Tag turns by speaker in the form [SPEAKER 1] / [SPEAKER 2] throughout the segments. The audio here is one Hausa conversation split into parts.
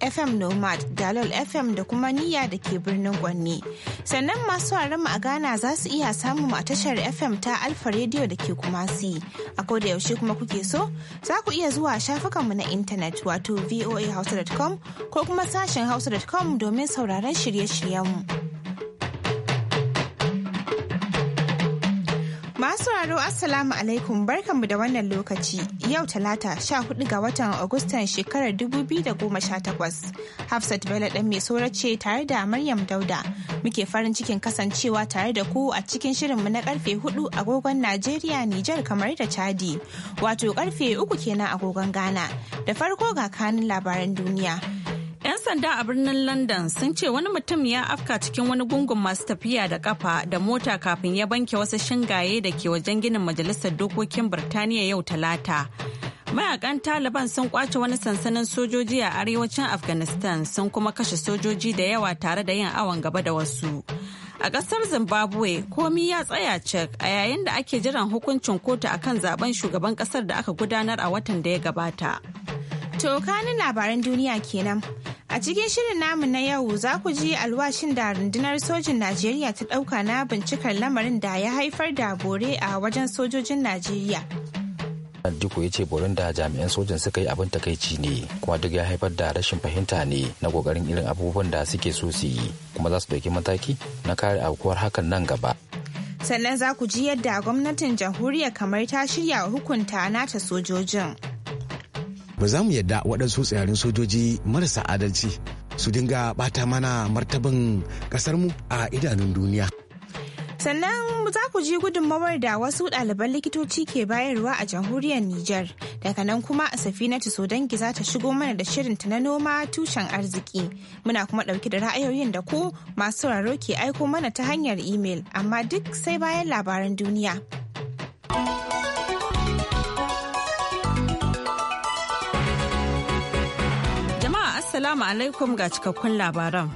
[SPEAKER 1] FM Nomad, Dalol FM da kuma Niyya da ke birnin Gwanne. Sannan masu mu a Ghana za su iya samun a tashar FM ta Alfa Radio da ke Kumasi. A da yaushe kuma kuke so, za ku iya zuwa shafukanmu na intanet wato voahausa.com ko kuma sashen hausa.com domin sauraron shirye-shiryenmu. Masu raro Assalamu alaikum barkanmu da wannan lokaci yau talata 14 ga watan Agustan shekarar 2018. Hafsat Bello ɗan mai ce tare da Maryam Dauda. Muke farin cikin kasancewa tare da ku a cikin shirinmu na karfe 4 agogon Najeriya Nijar kamar da Chadi. Wato karfe 3 kenan agogon Ghana. Da farko ga kanin labaran duniya. sanda a birnin London sun ce wani mutum ya afka cikin wani gungun
[SPEAKER 2] masu tafiya da kafa da mota kafin ya banke wasu shingaye da ke wajen ginin Majalisar Dokokin Birtaniya yau Talata. Mayakan Taliban sun kwace wani sansanin sojoji a arewacin Afghanistan sun kuma kashe sojoji da yawa tare da yin awon gaba da wasu. A ƙasar Zimbabwe, komi ya tsaya cek a yayin da ake jiran hukuncin kotu akan zaben shugaban ƙasar da aka gudanar a watan da ya gabata.
[SPEAKER 1] To kanin labaran duniya kenan. A cikin shirin namu na yau za ku ji alwashin da rundunar sojin Najeriya ta ɗauka na bincikar lamarin da ya haifar da bore a wajen sojojin Najeriya.
[SPEAKER 3] Diko ya ce borin da jami'an sojin suka yi abin takaici ne kuma duk ya haifar da rashin fahimta ne na kokarin irin abubuwan da suke so su yi kuma za su ɗauki mataki
[SPEAKER 4] na kare aukuwar hakan nan gaba.
[SPEAKER 1] Sannan za ku ji yadda gwamnatin jamhuriyar kamar ta shirya hukunta nata sojojin.
[SPEAKER 4] ba za mu yadda waɗansu tsayarin sojoji marasa adalci su dinga ɓata mana martaban ƙasarmu a idanun duniya.
[SPEAKER 1] sannan za ku ji gudunmawar da wasu ɗaliban likitoci ke bayarwa a jamhuriyar Nijar. Daga nan kuma a safinatu Sodangi za ta shigo mana da shirin ta na noma tushen arziki. Muna kuma ɗauki da ra'ayoyin da ku masu sauraro ke aiko mana ta hanyar imel, amma duk sai bayan labaran duniya.
[SPEAKER 2] Assalamu alaikum ga cikakkun labaran.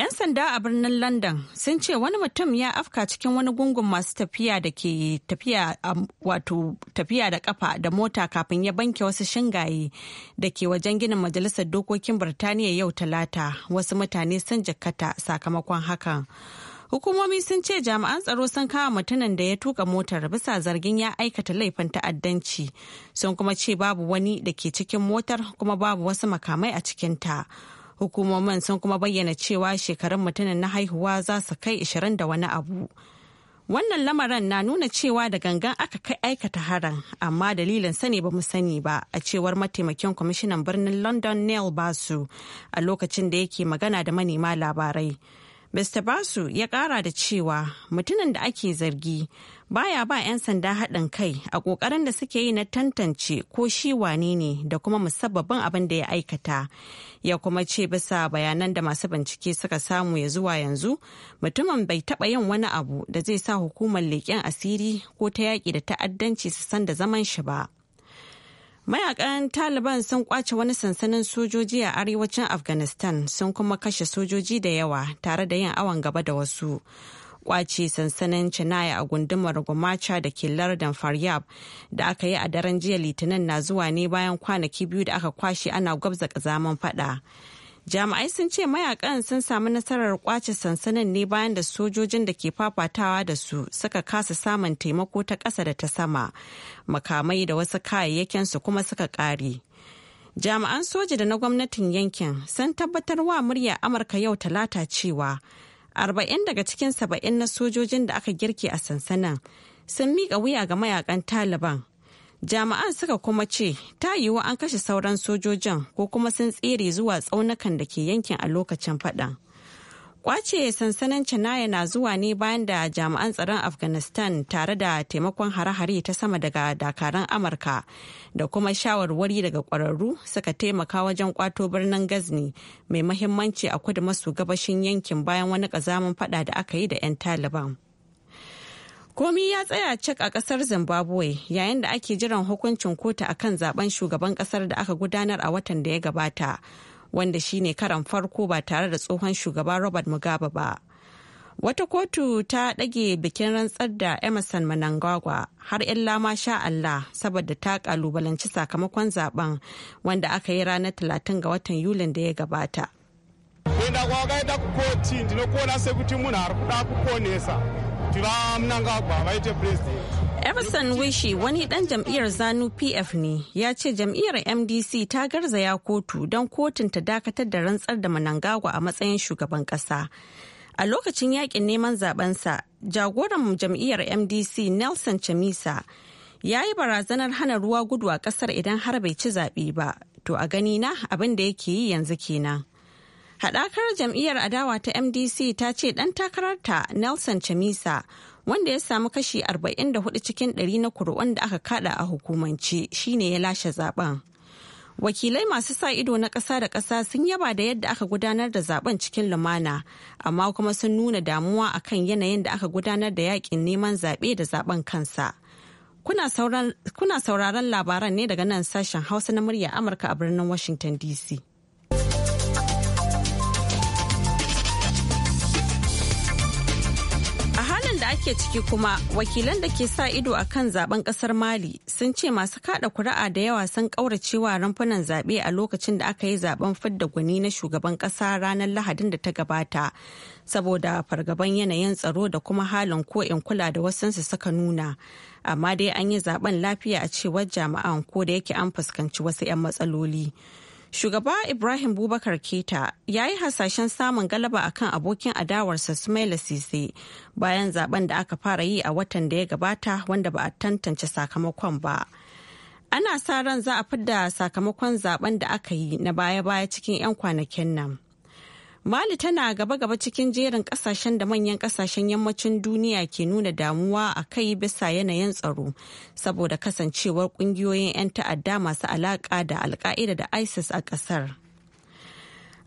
[SPEAKER 2] 'Yan sanda a birnin London sun ce wani mutum ya afka cikin wani gungun masu tafiya da ke um, tafiya da kafa da mota kafin ya banke wasu shingaye da ke wajen ginin majalisar dokokin Birtaniya yau talata wasu mutane sun jikkata sakamakon hakan. Hukumomi sun ce jami'an tsaro sun kawo mutumin da ya tuka motar bisa zargin ya aikata laifin ta'addanci. Sun kuma ce babu wani da ke cikin motar kuma babu wasu makamai a cikinta. Hukumomin sun kuma bayyana cewa shekarun mutumin na haihuwa za su kai ishirin da wani abu. Wannan lamarin na nuna cewa da gangan aka kai aikata haran, amma dalilin sani ba mu sani ba, a cewar mataimakin kwamishinan birnin London Neil Basu a lokacin da yake magana da manema labarai. Mr. Basu ya kara da cewa mutumin da ake zargi baya ba 'yan sanda haɗin kai a ƙoƙarin da suke yi na tantance ko shi wane ne da kuma musabbabin abin da ya aikata. Ya kuma ce bisa bayanan da masu bincike suka samu ya zuwa yanzu mutumin bai taɓa yin wani abu da zai sa hukumar leƙen asiri ko ta yaƙi da ta'addanci su san da zaman shi ba. Mayakan Taliban sun kwace wani sansanin sojoji a arewacin Afghanistan sun kuma kashe sojoji da yawa tare da yin awon gaba da wasu. Kwace sansanin Chennai a gundumar Gumacha da ke lardin Faryab da aka yi a daren jiya Litinin na zuwa ne bayan kwanaki biyu da aka kwashe ana gwabza kazaman fada. jami'ai sun ce mayakan sun samu nasarar kwace sansanin ne bayan da sojojin da ke fafatawa da su suka kasa samun taimako ta ƙasa da ta sama makamai da wasu kayayyakinsu kuma suka ƙare jami'an soja da na gwamnatin yankin sun tabbatar wa murya amurka yau talata cewa arba'in daga cikin saba'in na sojojin da aka girke a sansanin sun miƙa wuya ga mayakan taliban Jami'an suka kuma ce ta yiwu an kashe sauran sojojin ko kuma sun tsere zuwa tsaunukan da ke yankin a lokacin faɗan. Kwace sansanin Chennai na zuwa ne bayan da jami'an tsaron Afghanistan tare da taimakon hare-hare ta sama daga dakaran Amurka da kuma shawarwari daga kwararru suka taimaka wajen kwato birnin Gazni mai mahimmanci a kudu maso gabashin yankin bayan wani kazamin fada da aka yi da 'yan Taliban. Komi ya tsaya cak a kasar Zimbabwe yayin da ake jiran hukuncin kotu a kan zaben shugaban kasar da aka gudanar a watan da ya gabata, wanda shine karan farko ba tare da tsohon shugaba Robert Mugabe ba. Wata kotu ta ɗage bikin rantsar da Emerson Manangagwa har in lama sha Allah saboda ta kalubalanci sakamakon zaben wanda aka yi ranar 30 ga watan Yulin da ya gabata.
[SPEAKER 4] kuenda kwakaita Emerson
[SPEAKER 2] Wishi wani ɗan jam'iyyar Zanu PF ne ya ce jam'iyyar MDC ta garzaya kotu don kotun ta dakatar da rantsar da Manangagwa a matsayin shugaban kasa. A lokacin yakin neman zabensa, jagoran jam'iyyar MDC Nelson Chamisa ya yi barazanar hana ruwa gudu a ƙasar idan har bai ci zaɓe ba. To a ganina abin da yake yi yanzu kenan. Haɗakar jam'iyyar adawa ta MDC ta ce ɗan takararta Nelson Chamisa wanda ya samu kashi 44 cikin 100 na kuri'un da aka kada a hukumance shine ya lashe zaben. wakilai masu sa ido na ƙasa da ƙasa sun yaba da yadda aka gudanar da zaben cikin lumana amma kuma sun nuna damuwa akan yanayin da aka gudanar da yakin neman zaɓe da zaben kansa kuna sauraron labaran ne daga nan sashen hausa na murya amurka a birnin washington dc ake ciki kuma wakilan da ke sa ido a kan zaben kasar mali sun ce masu kada kuri'a da yawa sun kauracewa ramfunan zaɓe a lokacin da aka yi zaben fidda gwani na shugaban ƙasa ranar lahadin da ta gabata saboda fargaban yanayin tsaro da kuma halin ko in kula da wasansu suka nuna amma dai an yi zaben lafiya a cewar jami'an ko da yake an fuskanci wasu 'yan matsaloli. Shugaba Ibrahim Bubakar Keta ya yi hasashen samun galaba a kan abokin adawarsa Sumaila Sise bayan zaben da aka fara yi a watan da ya gabata wanda ba a tantance sakamakon ba. Ana sa ran za a fidda sakamakon zaben da aka yi na baya-baya cikin 'yan kwanakin nan. Mali tana gaba-gaba cikin jerin kasashen da manyan kasashen yammacin duniya ke nuna damuwa a kai bisa yanayin tsaro saboda kasancewar kungiyoyin 'yan ta'adda masu alaka da alka'ida da ISIS a kasar.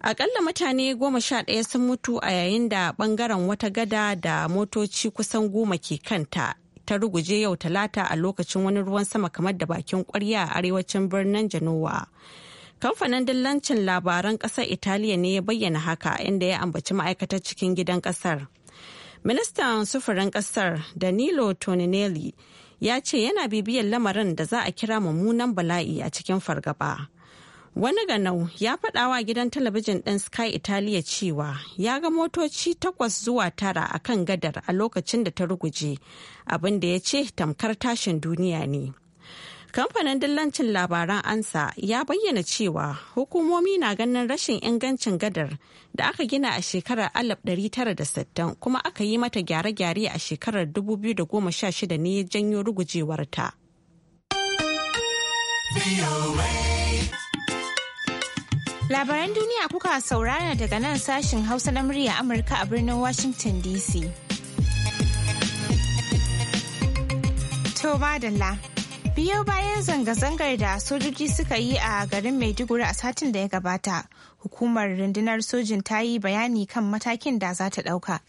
[SPEAKER 2] Akalla mutane goma sha ɗaya sun mutu a yayin da bangaren wata gada da motoci kusan goma ke kanta ta ruguje yau talata a lokacin wani ruwan sama kamar da bakin kwarya a arewacin birnin Genoa. Kamfanin dillancin labaran ƙasar Italiya ne ya bayyana haka inda ya ambaci ma'aikatar cikin gidan ƙasar. Ministan sufurin ƙasar Danilo Toninelli ya ce yana bibiyar lamarin da za a kira mummunan bala'i a cikin fargaba. Wani ganau ya faɗawa gidan talabijin ɗin Sky Italia cewa ya ga motoci takwas zuwa tara a kan gadar a lokacin da ta ruguje abin da ya ce tamkar tashin duniya ne. Kamfanin dillancin labaran Ansa ya bayyana cewa hukumomi na ganin rashin ingancin gadar da aka gina a shekarar 1960 kuma aka yi mata gyare-gyare a shekarar 2016 ne ya janyo rugujewarta.
[SPEAKER 1] Labaran duniya kuka saurara daga nan sashin Hausa na murya Amurka a birnin Washington DC. To madalla. biyo bayan zanga-zangar da sojoji suka yi a garin maiduguri a satin da ya gabata hukumar rundunar sojin ta yi bayani kan matakin da za ta ɗauka.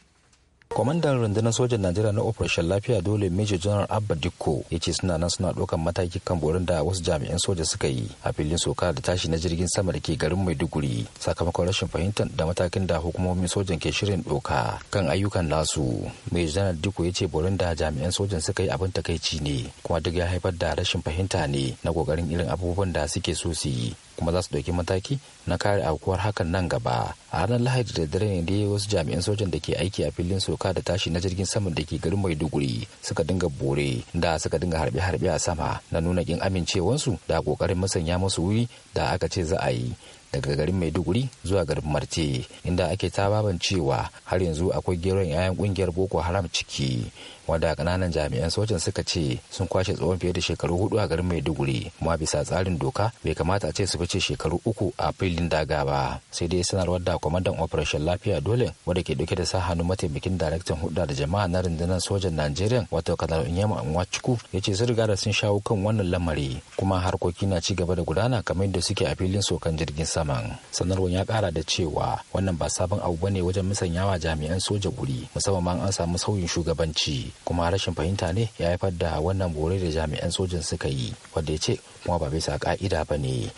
[SPEAKER 3] kwamandan rundunar sojan najeriya na operation lafiya dole major general abba dikko ya ce suna nan suna ɗaukan mataki kan borin da wasu jami'an soja suka yi a filin soka da tashi na jirgin sama da ke garin maiduguri sakamakon rashin fahimtar da matakin da hukumomin sojan ke shirin ɗauka kan ayyukan nasu major general dikko ya ce borin da jami'an sojan suka yi abin takaici ne kuma duk ya haifar da rashin fahimta ne na kokarin irin abubuwan da suke so su yi kuma za su ɗauki mataki na kare aukuwar hakan nan gaba a ranar lahadi da dare ne dai wasu jami'an sojan da ke aiki a filin soka da tashi na jirgin sama da ke garin maiduguri suka dinga bore da suka dinga harbe-harbe a sama na nuna kin amincewansu da kokarin masanya musu wuri da aka ce za a yi daga garin maiduguri zuwa garin marte inda ake tababan cewa har yanzu akwai geron 'ya'yan kungiyar boko haram ciki wanda kananan jami'an sojan suka ce sun kwashe tsawon fiye da shekaru hudu a garin maiduguri kuma bisa tsarin doka bai kamata a ce su fice shekaru uku a filin daga ba sai dai sanarwar da kwamandan operation lafiya dole wanda ke dauke da sa hannu mataimakin daraktan hudda da jama'a na rundunar sojan najeriya wato kanar inyama nwachukwu ya ce sun riga da sun shawo kan wannan lamari kuma harkoki na ci gaba da gudana kamar yadda suke a filin sokan jirgin sama musamman sanarwar ya kara da cewa wannan ba sabon abu ba ne wajen musanyawa jami'an soja guri musamman an samu sauyin shugabanci kuma rashin fahimta ne ya haifar da wannan bore da jami'an sojin suka yi wanda ya ce kuma ba bisa ka'ida ba ne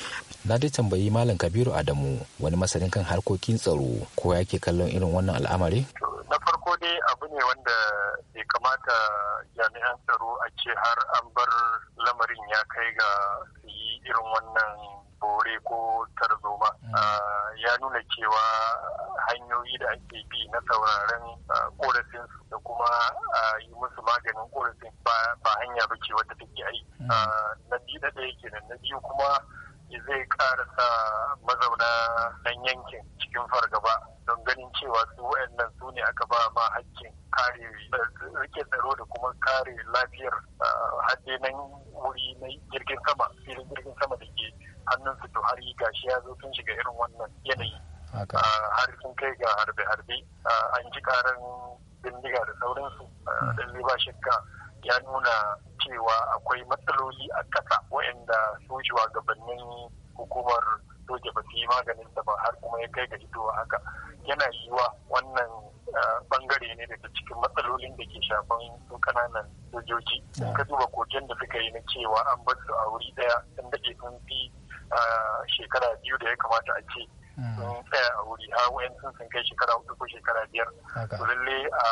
[SPEAKER 3] na dai tambayi malam kabiru adamu wani masanin kan harkokin tsaro ko yake kallon irin wannan al'amari
[SPEAKER 5] na farko dai abu ne wanda bai kamata jami'an tsaro a ce har an bar lamarin ya kai ga yi irin wannan bore ko tarzoma hmm. ah, ya nuna cewa hanyoyi da ake bi na sauraren ah, korafin da kuma ah, yi musu maganin korafin ba hanya ba ce wata take aiki hmm. na biyu da ɗaya kenan na biyu kuma zai karasa mazauna nan yankin cikin fargaba don ganin cewa su wayannan su ne aka ba ma hakkin kare rike tsaro da kuma kare lafiyar hadde nan wuri na jirgin sama filin jirgin sama da ke su to har yi gashi ya zo sun shiga irin wannan yanayi ah, har sun kai ga harbe-harbe ah, an ji karan bindiga da sauransu ah, hmm. don ne ba shakka ya nuna cewa akwai matsaloli a ƙasa waɗanda su shugabannin hukumar soja ba su yi maganin da ba har kuma ya kai ga hitowa haka yana yiwa wannan bangare ne daga cikin matsalolin da ke shafan su kananan sojoji ka hmm. duba koken da suka yi na cewa an bar su a wuri daya sun daɗe sun fi A shekara biyu da ya kamata a ce hmm. sun tsaya a wuri har wayan sun sun kai shekara hudu ko shekara biyar to lalle a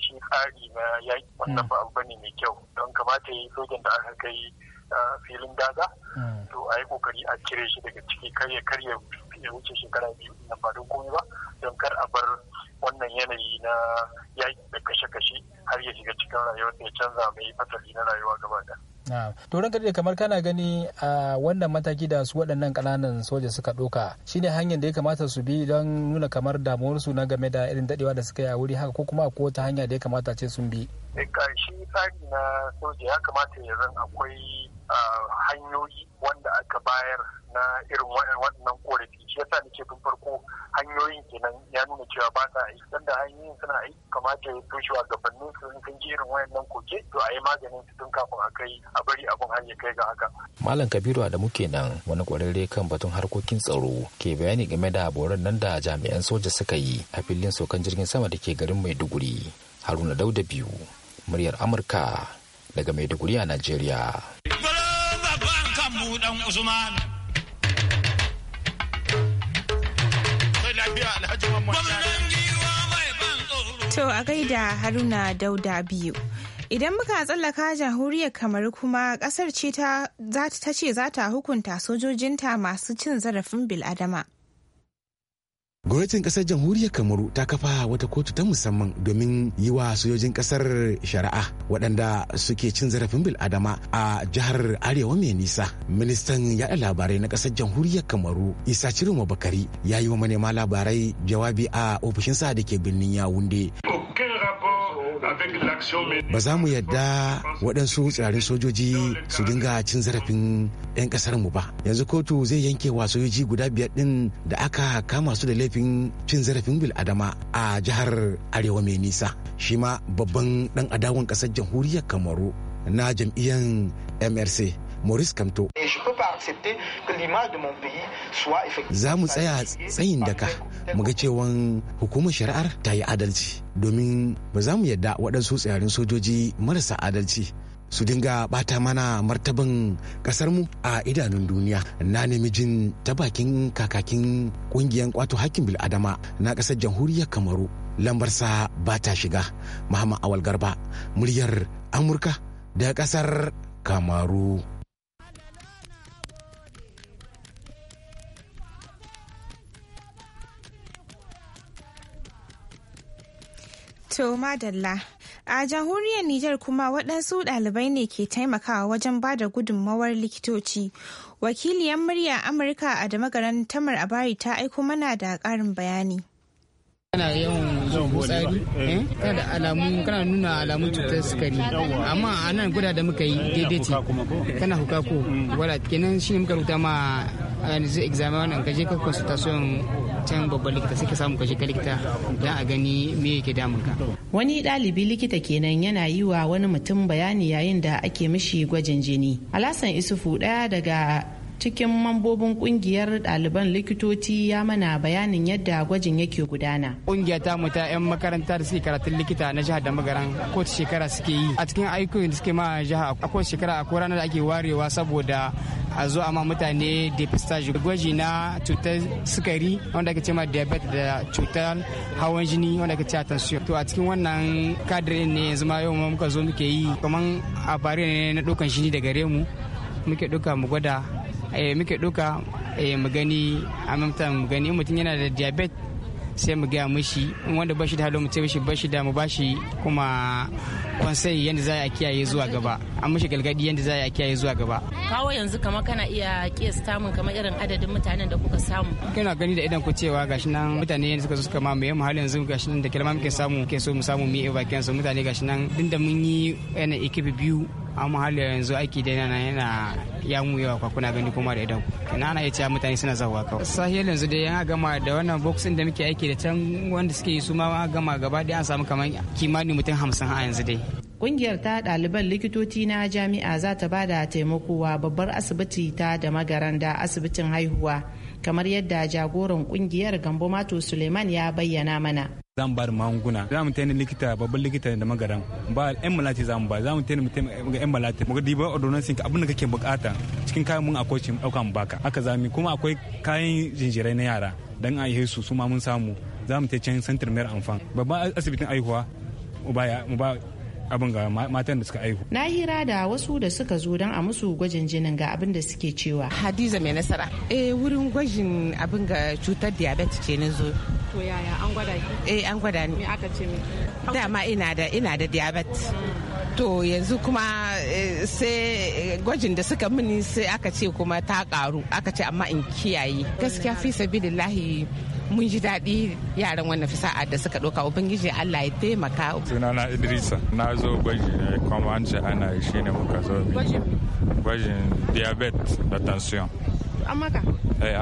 [SPEAKER 5] shi tsari na yaƙi wannan hmm. ba abu bane mai kyau don kamata yi sojan da aka kai filin daga hmm. to a yi kokari a cire shi daga ciki kar karya ya wuce shekara biyu na ba don komai ba don kar a bar wannan yanayi na yaƙi da kashe-kashe har ya shiga cikin rayuwar ya canza mai fasali na rayuwa gaba
[SPEAKER 3] to ranka da kamar kana gani a wannan mataki da su waɗannan ƙananan soja suka ɗauka ne hanyar da ya kamata su bi don nuna kamar damuwarsu na game da irin daɗewa da suka yi a wuri haka ko kuma ko wata hanya da ya kamata ce sun bi.
[SPEAKER 5] ƙarshe eh, tsari na soja ya kamata ya akwai hanyoyi wanda aka bayar na irin wannan korafi shi yasa nake tun farko hanyoyin kenan ya nuna cewa ba sa aiki dan da hanyoyin suna aiki kamata ya toshe wa gabanin su sun je irin wayannan koke to a yi maganin su tun kafin a kai a bari abun har ya kai ga haka
[SPEAKER 3] malam kabiru da muke nan wani kwararre kan batun harkokin tsaro ke bayani game da boron nan da jami'an soja suka yi a filin sokan jirgin sama da ke garin maiduguri haruna dauda biyu muryar amurka daga maiduguri a najeriya
[SPEAKER 4] dan Usman.
[SPEAKER 1] To a gaida Haruna Dauda biyu. Idan muka tsallaka jamhuriyar kamar kuma kasar ce ta ce za ta hukunta sojojinta masu cin zarafin bil'adama.
[SPEAKER 4] Gwamnatin ƙasar jamhuriyar Kamaru ta kafa wata kotu ta musamman domin yi wa sojojin ƙasar shari'a waɗanda suke cin zarafin bil'adama a jihar Arewa mai nisa. Ministan yaɗa labarai na ƙasar jamhuriyar Kamaru Isa Ciroma Bakari ya yi wa manema labarai jawabi a ofishinsa da ke birnin Yawunde Ba za mu yadda waɗansu tsirarin sojoji su dinga cin zarafin 'yan ƙasar mu ba. Yanzu kotu zai yanke wa sojoji guda biyar ɗin da aka kama su da laifin cin zarafin bil adama a jihar Arewa mai nisa. Shi ma babban ɗan adawan ƙasar jamhuriyar Kamaru na jam'iyyar MRC Maurice Kamto. Za mu tsaya tsayin daka mu ga cewan hukumar shari'ar ta yi adalci domin ba za mu yadda waɗansu tsayarin sojoji marasa adalci su dinga bata mana martaban mu a idanun duniya na namijin ta bakin kakakin kungiyar kwato hakkin bil'adama na ƙasar jamhuriyar kamaru lambarsa ba ta shiga muhammad awal garba muryar amurka da ƙasar kamaru
[SPEAKER 1] To madalla a jamhuriyar Nijar kuma waɗansu ɗalibai ne ke taimakawa wajen ba da gudunmawar likitoci. Wakiliyar murya Amurka a da magaran Tamar Abari ta aiko mana da ƙarin bayani.
[SPEAKER 6] kana yawan tsari eh. eh? kana da alamu kana nuna alamun cutar sukari amma a nan guda da muka yi daidaiti kana hukako mm. wala kenan shi muka rubuta ma zai examen wannan kaje ka consultation can babban likita sai ka samu kaje ka likita dan a gani me yake damun ka
[SPEAKER 7] wani dalibi likita kenan yana yi wa wani mutum bayani yayin da ake mishi gwajin jini alasan isufu daya daga cikin mambobin kungiyar ɗaliban
[SPEAKER 6] likitoci ya mana bayanin
[SPEAKER 7] yadda gwajin yake gudana.
[SPEAKER 6] Kungiya ta mu ta 'yan makaranta da suke karatun likita na jihar da magaran kowace shekara suke yi. A cikin ayyukan da suke ma jiha a kowace shekara a ranar da ake warewa saboda a zo a ma mutane depistage gwaji na cutar sukari wanda ake ma diabetes da cutar hawan jini wanda ake cewa tension to a cikin wannan kadirin ne yanzu ma yau muka zo muke yi kaman a ne na dokan jini daga remu muke duka mu gwada Eh, muke ɗauka eh, mu gani a mamta mu gani in mutum yana da diabetes sai mu gaya mushi in wanda bashi da halin mu ce bashi bashi da mu bashi kuma konsai yadda za a kiyaye zuwa gaba an mushi galgadi yadda za a kiyaye zuwa gaba
[SPEAKER 7] kawo yanzu kama kana iya kiyasta mun kamar irin adadin mutanen da kuka samu
[SPEAKER 6] kana gani da idan ku cewa gashi nan mutane yanzu suka zo suka mamaye mu halin yanzu gashi nan da kilama muke samu muke so mu samu mu yi bakin mutane gashi nan din da mun yi yana eh, ekipe biyu amma hali yanzu aiki dai nan yana ya yawa kwa kuna gani kuma da idan kana ana iya mutane suna zawa kawai sahiyar yanzu dai yana gama da wannan boxing da muke aiki da can wanda suke yi su ma gama gaba da an samu kamar kimanin mutum hamsin a yanzu dai
[SPEAKER 7] Kungiyar ta ɗaliban likitoci na jami'a za ta bada taimako babbar asibiti ta da da asibitin haihuwa kamar yadda jagoran kungiyar gambo mato suleiman ya bayyana mana
[SPEAKER 3] za mu ba da magunguna za mu taimaka likita babban likita da magaran ba yan malati za mu ba za mu taimaka ga yan malati mu diba ordonansin ka abin da kake bukata cikin kayan mun akwai cin dauka mu baka haka za mu kuma akwai kayan jinjirai na yara dan a yi su su ma mun samu za mu taimaka can santar mayar amfan babban asibitin aihuwa mu ba abin ga matan da suka aihu
[SPEAKER 7] na hira da wasu da suka zo don a musu gwajin jinin ga abin da suke cewa hadiza mai nasara eh wurin gwajin abin
[SPEAKER 1] ga cutar diabetes ce na zo
[SPEAKER 7] to yaya an gwada ki eh an gwada ni me aka ce miki
[SPEAKER 1] dama ina da ina da diabetes mm. to yanzu kuma eh, sai eh, gwajin da suka mini sai aka ce kuma ta karu aka ce amma in kiyaye gaskiya fi sabilillahi mun ji daɗi yaran wannan sa'a da suka ɗauka ubangiji Allah ya
[SPEAKER 8] taimaka. Sunana Idrisa na zo gwaji ne eh, kuma an ce ana yi shine muka zo. Gwajin diabetes da tension. an maka? Eh,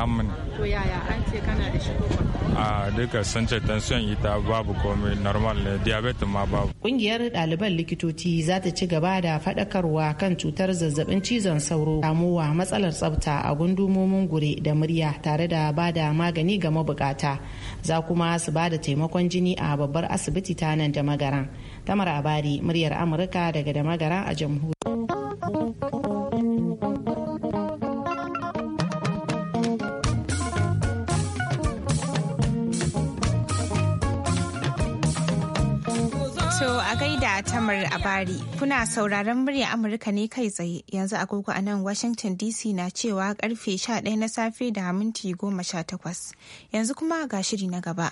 [SPEAKER 8] ce kana da shi ita babu normal ne diabetes ma
[SPEAKER 7] ɗaliban likitoci za ta ci gaba da faɗakarwa kan cutar zazzabin cizon sauro, damuwa matsalar tsafta a gundumomin gure da murya tare da ba da magani ga mabukata. Za kuma su ba da taimakon jini a babbar asibiti ta nan da magaran. Tamar Abari, muryar Amurka daga da magaran a jamhuriyar.
[SPEAKER 1] da Tamar Abari. Kuna sauraron murya Amurka ne kai tsaye yanzu agogo a nan Washington DC na cewa karfe 11 na safe da minti 18. Yanzu kuma ga shiri na gaba.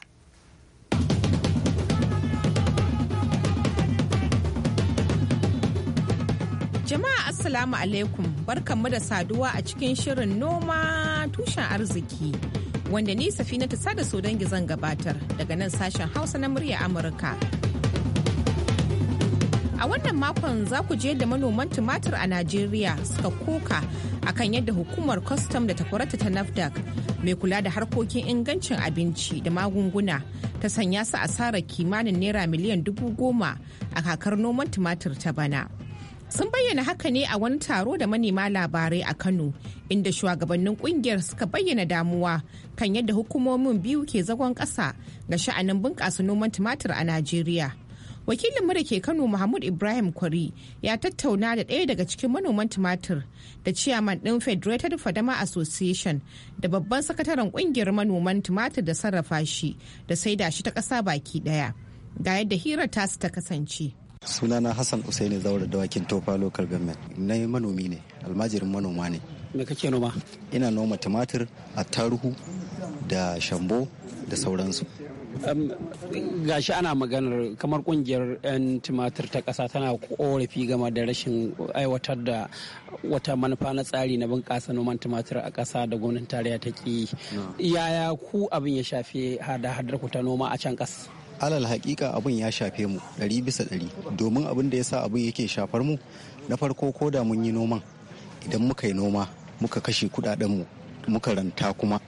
[SPEAKER 1] Jama'a Assalamu alaikum barkanmu da saduwa a cikin shirin noma tushen arziki. Wanda ni Safinatu Sada sodan zan gabatar daga nan sashen Hausa na murya Amurka. A wannan makon za ku je da manoman tumatir a Najeriya suka koka akan yadda hukumar kwastam da takwarata ta NAFDAC mai kula da harkokin ingancin abinci da magunguna ta sanya su asarar kimanin naira miliyan dubu goma a kakar noman tumatir ta bana. sun bayyana haka ne a wani taro da manema labarai a kano inda shugabannin kungiyar suka bayyana damuwa kan yadda hukumomin biyu ke zagon ƙasa ga sha'anin bunƙasa noman tumatir a najeriya wakilinmu da ke kano mahmud ibrahim kwari ya tattauna da ɗaya daga cikin manoman tumatir da ciyaman ɗin federated fadama association da babban sakataren ƙungiyar manoman tumatir da sarrafa shi da saida shi ta ƙasa baki ɗaya ga yadda hirar tasu ta kasance
[SPEAKER 9] sunana hassan usaini zaure dawakin tofa local government na manomi ne almajirin manoma ne me kake noma ina noma tumatir attaruhu da shambo da sauransu gashi ana maganar kamar
[SPEAKER 10] kungiyar 'yan tumatir ta ƙasa tana korafi game da rashin aiwatar da wata manufa na tsari na bunƙasa noman tumatir a kasa da gwamnatin tarayya ta ki yaya ku abin ya shafi hada-hadar ku ta noma a can kasa
[SPEAKER 9] alal hakika abin ya shafe mu ɗari bisa ɗari domin abin da ya sa abin yake shafar mu na farko ko da mun yi noman idan muka yi noma muka kashe mu muka ranta kuma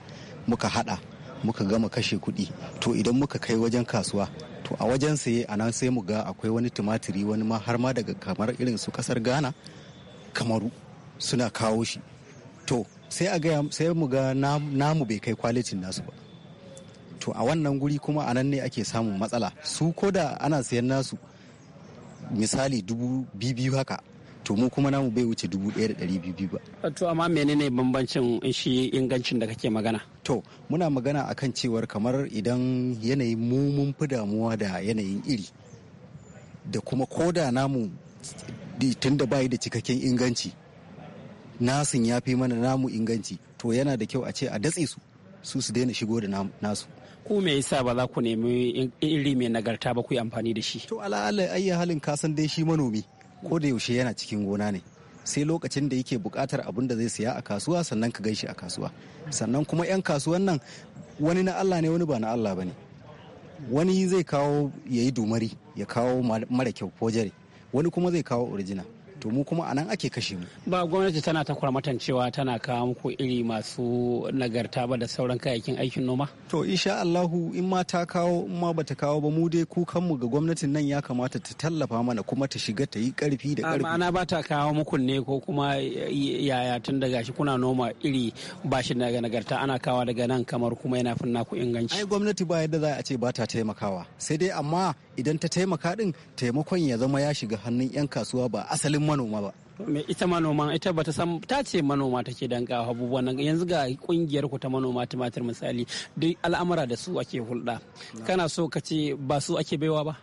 [SPEAKER 9] muka hada muka gama kashe kuɗi to idan muka kai wajen kasuwa to a wajen saye a nan sai mu ga akwai wani tumatiri wani ma har ma daga kamar irin su kasar ghana kamaru suna kawo shi to sai a ga sai mu ga namu bai kai kwalitin nasu ba to a wannan guri kuma a nan ne ake samun matsala su ko da ana sayan nasu misali dubu biyu haka to mu kuma namu bai wuce dubu ɗaya da ɗari biyu ba.
[SPEAKER 10] to amma menene bambancin shi ingancin da kake magana.
[SPEAKER 9] to muna magana akan cewar kamar idan yanayin mu mun fi damuwa da yanayin iri da kuma koda namu tun da bayi da cikakken inganci nasin ya fi mana namu inganci to yana da kyau a ce a datse su su su daina shigo da nasu ku me yasa ba za ku nemi iri mai nagarta ba ku yi amfani da shi to ala'ala ayya halin kasan dai shi manomi ko da yaushe yana cikin gona ne sai lokacin da yake buƙatar abin da zai siya a kasuwa sannan ka gaishe a kasuwa sannan kuma 'yan kasuwan nan wani na Allah ne wani ba na Allah ba ne wani zai kawo ya yi dumari ya kawo mara kyau ko jare wani kuma zai kawo orijina to mu kuma anan ake kashe mu
[SPEAKER 10] ba gwamnati tana ta kwarmatan cewa tana kawo muku iri masu nagarta ba da sauran kayayyakin aikin noma to insha
[SPEAKER 9] Allahu in ma ta kawo in ma bata kawo ba mu dai kukan mu ga gwamnatin nan ya kamata ta tallafa mana kuma ta shiga ta yi karfi da karfi ma'ana
[SPEAKER 10] ba ta kawo muku ne ko kuma yaya tun daga shi kuna noma iri ba shi daga nagarta ana kawo daga nan kamar
[SPEAKER 9] kuma yana fin naku inganci ai gwamnati ba yadda za a ce ba ta taimakawa sai dai amma idan ta taimaka din taimakon ya zama ya shiga hannun 'yan kasuwa ba asalin manoma ba
[SPEAKER 10] mai ita manoma ita bata san ta ce manoma take dan abubuwan nan yanzu ga kungiyar ku ta manoma tumatir misali duk al'amura da su ake hulɗa kana so ka ce ba su ake baiwa ba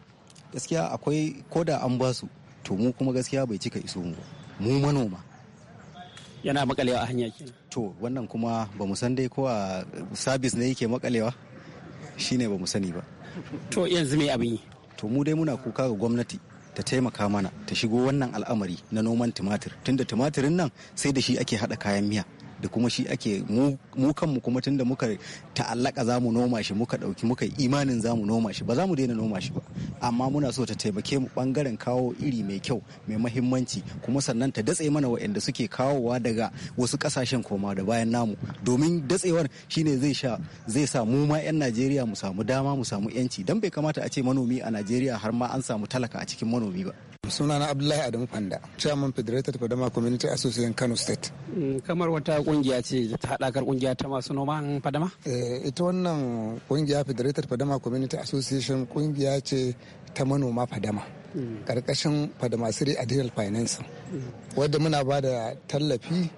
[SPEAKER 9] gaskiya akwai koda an ba su to mu kuma gaskiya bai cika iso mu mu manoma yana makalewa a hanya kenan to wannan kuma ba mu san dai ko a sabis ne yake makalewa shine ba mu sani ba to yanzu me abin yi to mu dai muna kuka ga gwamnati ta taimaka mana ta shigo wannan al'amari na noman tumatir tunda tumatirin nan sai da shi ake hada kayan miya da kuma shi ake mu kanmu kuma tunda muka ta'allaka za mu noma shi muka dauki muka yi imanin za mu noma shi ba za mu daina noma shi ba amma muna so ta taimake mu bangaren kawo iri mai kyau mai mahimmanci kuma sannan ta datse mana waɗanda suke kawowa daga wasu kasashen koma da bayan namu domin datsewar shine zai sha zai sa mu ma 'yan najeriya mu samu dama mu samu 'yanci dan bai kamata a ce manomi a najeriya har ma an
[SPEAKER 11] samu talaka a cikin manomi ba sunana abdullahi adamu fanda chairman federated fadama community association kano state
[SPEAKER 10] mm, kamar wata kungiya ce ta haɗakar kungiya ta masu noman fadama?
[SPEAKER 11] Eh, ita wannan kungiya federated fadama community association kungiya ce ta manoma fadama karkashin hmm. fadama siri additional finance wadda muna ba da tallafi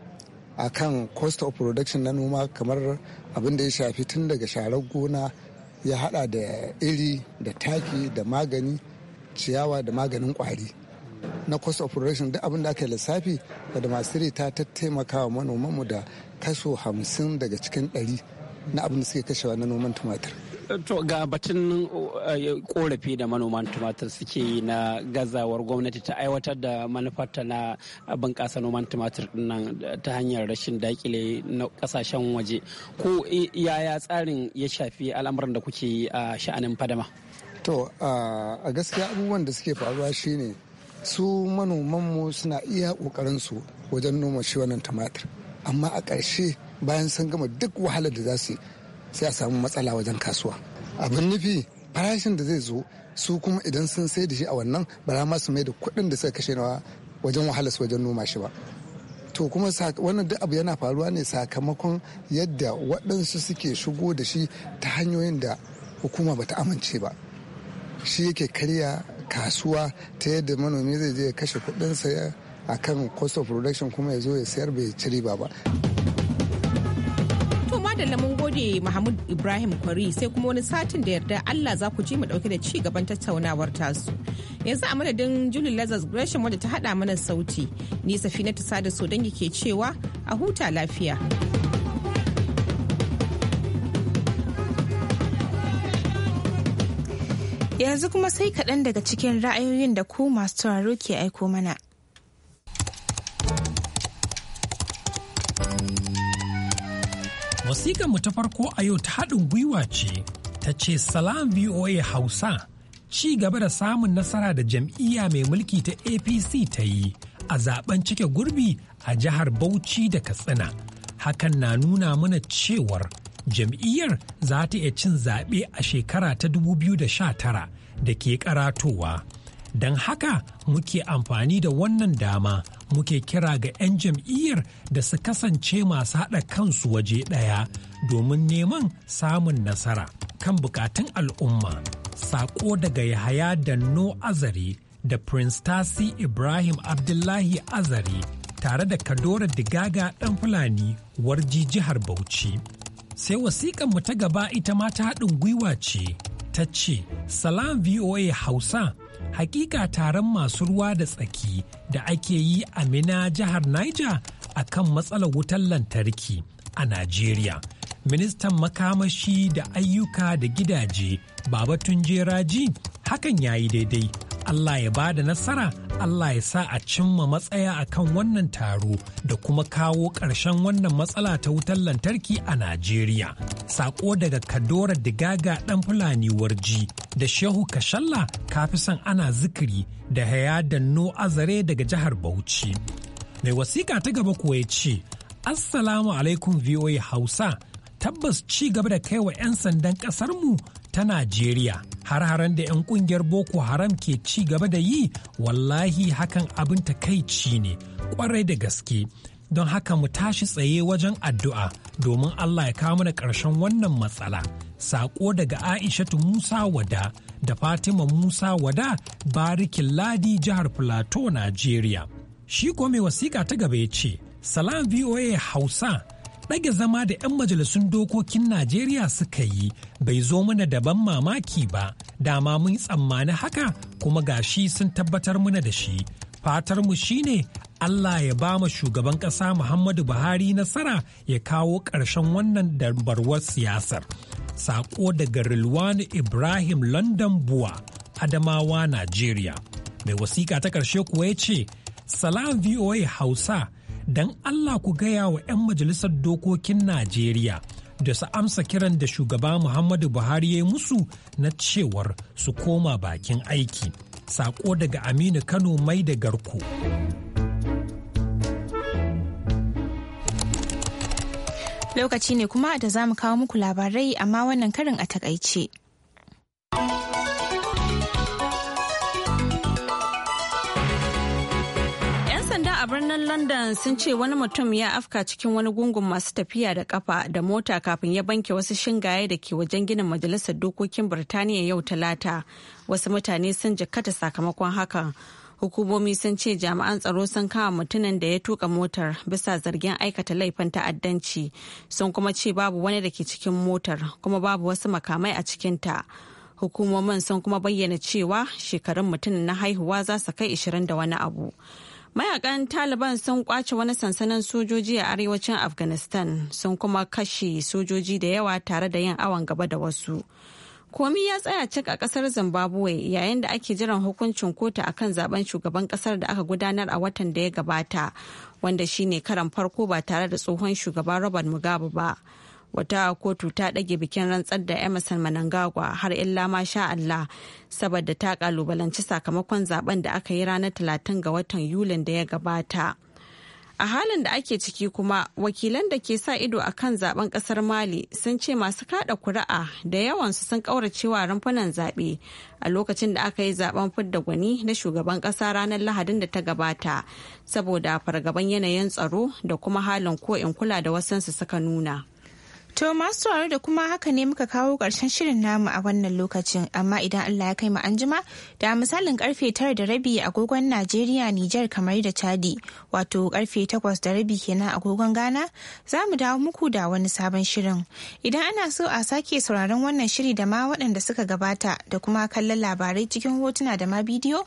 [SPEAKER 11] a kan cost of production na noma kamar abin da ya shafi tun daga sharar gona ya haɗa da iri da taki da magani ciyawa da maganin kwari na cost of production duk abin da aka yi lissafi badamastiri ta taimaka wa mu da kaso hamsin daga cikin ɗari na abin da suke kashewa na noman tumatir.
[SPEAKER 10] To ga batun eh, korafi da manoman tumatir suke yi na gazawar gwamnati ta aiwatar da manufarta na bunƙasa noman tumatir nan ta hanyar rashin dakile na kasashen waje. Ko eh, yaya tsarin ya shafi al'amuran
[SPEAKER 11] da kuke yi a sha'anin fadama? To ah, a gaskiya abubuwan da suke faruwa shine su manomanmu suna iya ƙoƙarinsu wajen noma shi wannan tumatir amma a ƙarshe bayan sun gama duk wahalar da za su sai a samu matsala wajen kasuwa abin nufi farashin da zai zo su kuma idan sun sai da shi a wannan ba za su mai da kuɗin da suka kashe nawa wajen wahalar su wajen noma shi ba to kuma wannan duk abu yana faruwa ne sakamakon yadda waɗansu suke shigo da shi ta hanyoyin da hukuma bata amince ba shi yake karya kasuwa ta yadda manomi zai je ya kashe kuɗin saya a kan cost of production kuma ya zo ya sayar bai ci riba ba.
[SPEAKER 1] To da mun gode Mahmud Ibrahim Kwari sai kuma wani satin da yarda Allah za ku ji mu dauke da ci gaban tattaunawar tasu. Yanzu a madadin Julie Lazarus Gresham wadda ta hada mana sauti. Ni ta Sada Sodangi ke cewa a huta lafiya. Yanzu kuma sai kaɗan daga cikin ra'ayoyin da ku masu tauraro ke aiko mana.
[SPEAKER 8] Wasiƙar mu ta farko a yau ta haɗin gwiwa ce, ta ce Salam VOA Hausa ci gaba da samun nasara da jam'iyya mai mulki ta APC ta yi a zaben cike gurbi a jihar Bauchi da Katsina. Hakan na nuna mana cewar jam'iyyar za ta iya cin zaɓe a shekara ta 2019 da ke karatowa. Don haka muke amfani da wannan dama muke kira ga 'yan jam'iyyar da su kasance masu haɗa kansu waje ɗaya domin neman samun nasara kan bukatun al'umma. Sako daga Yahaya da No Azari da Prince Tasi Ibrahim Abdullahi Azari tare da Kadora Digaga ɗan Fulani warji jihar Bauchi. sai wasiƙan mu ta gaba ita ma ta haɗin gwiwa ce ta ce salam voa hausa hakika taron masu ruwa da tsaki da ake yi a mina jihar niger a kan matsalar wutar lantarki a najeriya ministan makamashi da ayyuka da gidaje baba tunjeraji hakan ya yi daidai Allah ya ba da nasara Allah ya sa a cimma matsaya a kan wannan taro da kuma kawo ƙarshen wannan matsala ta wutar lantarki a Najeriya. Sako daga Kadora Digaga ɗan Fulani Warji da Shehu Kashalla kafisan ana zikiri da Haya Danno Azare daga jihar Bauchi. Mai wasiƙa ta gaba kuwa ya ce, Assalamu alaikum VOA Hausa. tabbas ci gaba da kaiwa 'yan sandan ƙasarmu ta Najeriya har-haren da 'yan kungiyar Boko Haram ke ci gaba da yi wallahi hakan abin takaici ne kwarai da gaske don haka mu tashi tsaye wajen addu'a domin Allah ya kawo mana ƙarshen wannan matsala. Saƙo daga Aishatu Musa Wada da Fatima Musa Wada barikin ladi jihar plateau Najeriya. Shi ko mai wasiƙa ta gaba ya ce, Salam VOA Hausa ɗage zama da 'yan majalisun dokokin Najeriya suka yi bai zo mana da ban mamaki ba, dama mun tsammani haka kuma gashi sun tabbatar mana da shi. Fatarmu ne Allah ya ba ma shugaban ƙasa Muhammadu Buhari nasara ya kawo ƙarshen wannan darbarwar siyasar. Saƙo daga Rilwani Ibrahim London Buwa, Adamawa, Najeriya. Mai wasiƙa ta ƙarshe kuwa ya ce, Salam VOA Hausa don Allah ku gaya wa 'yan majalisar dokokin Najeriya da su amsa kiran da shugaba Muhammadu Buhari ya yi musu na cewar su koma bakin aiki. saƙo daga Aminu Kano mai da garko.
[SPEAKER 1] Lokaci ne kuma da za mu kawo muku labarai amma wannan karin a takaice. london sun ce
[SPEAKER 2] wani mutum ya afka cikin wani gungun masu tafiya da kafa da mota kafin ya banke wasu shingaye da ke wajen ginin majalisar dokokin birtaniya yau talata wasu mutane sun jikkata sakamakon hakan hukumomi sun ce jami'an tsaro sun kama mutumin da ya tuka motar bisa zargin aikata laifin ta'addanci sun kuma ce babu wani da ke cikin motar kuma babu wasu makamai a cikinta hukumomin sun kuma bayyana cewa shekarun mutumin na haihuwa za su kai 20 da wani abu mayakan taliban sun kwace wani sansanin sojoji a arewacin afghanistan sun kuma kashe sojoji da yawa tare da yin awon gaba da wasu komi ya tsaya cik a kasar zimbabwe yayin da ake jiran hukuncin kotu a kan zaben shugaban kasar da aka gudanar a watan da ya gabata wanda shine karan farko ba tare da tsohon shugaban robert mugabe ba wata kotu ta ɗage bikin rantsar da emerson manangagwa har illa ma sha allah saboda ta kalubalanci sakamakon zaben da aka yi ranar talatin ga watan yulin da ya gabata a halin da ake ciki kuma wakilan da ke sa ido a kan zaben kasar mali sun ce masu kada kuri'a da yawan su sun kauracewa rumfunan zaɓe a lokacin da aka yi zaben fidda gwani na shugaban ƙasa ranar lahadin da ta gabata saboda fargaban yanayin tsaro da
[SPEAKER 1] kuma halin ko in kula da wasansu suka nuna To masu sauraro da kuma haka ne muka kawo ƙarshen shirin namu a wannan lokacin amma idan Allah ya kai mu anjima da misalin karfe tara da rabi agogon Najeriya Nijar kamar da Chadi wato karfe takwas da rabi kenan agogon Ghana za mu dawo muku da wani sabon shirin. Idan ana so a sake sauraron wannan shiri da ma waɗanda suka gabata da kuma kallon labarai cikin hotuna da ma bidiyo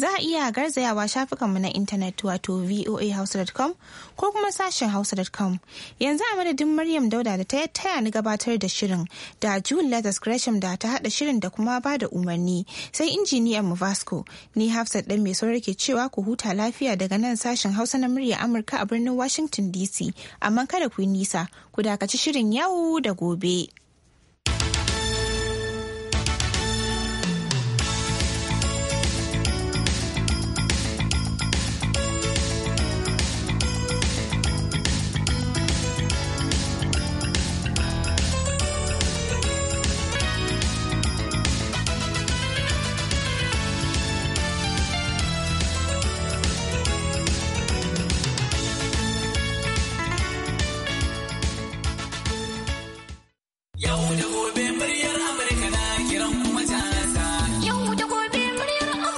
[SPEAKER 1] za a iya garzayawa shafukanmu na intanet wato voahouse.com ko kuma sashen hausa.com yanzu a madadin maryam dauda da ta taya ni gabatar da shirin da june letters gresham da ta hada shirin da kuma ba da umarni sai injiniyan mu vasco ni hafsat dan mai saurari ke cewa ku huta lafiya daga nan sashen hausa na murya amurka a birnin washington dc amma kada ku yi nisa ku dakaci shirin yau da gobe.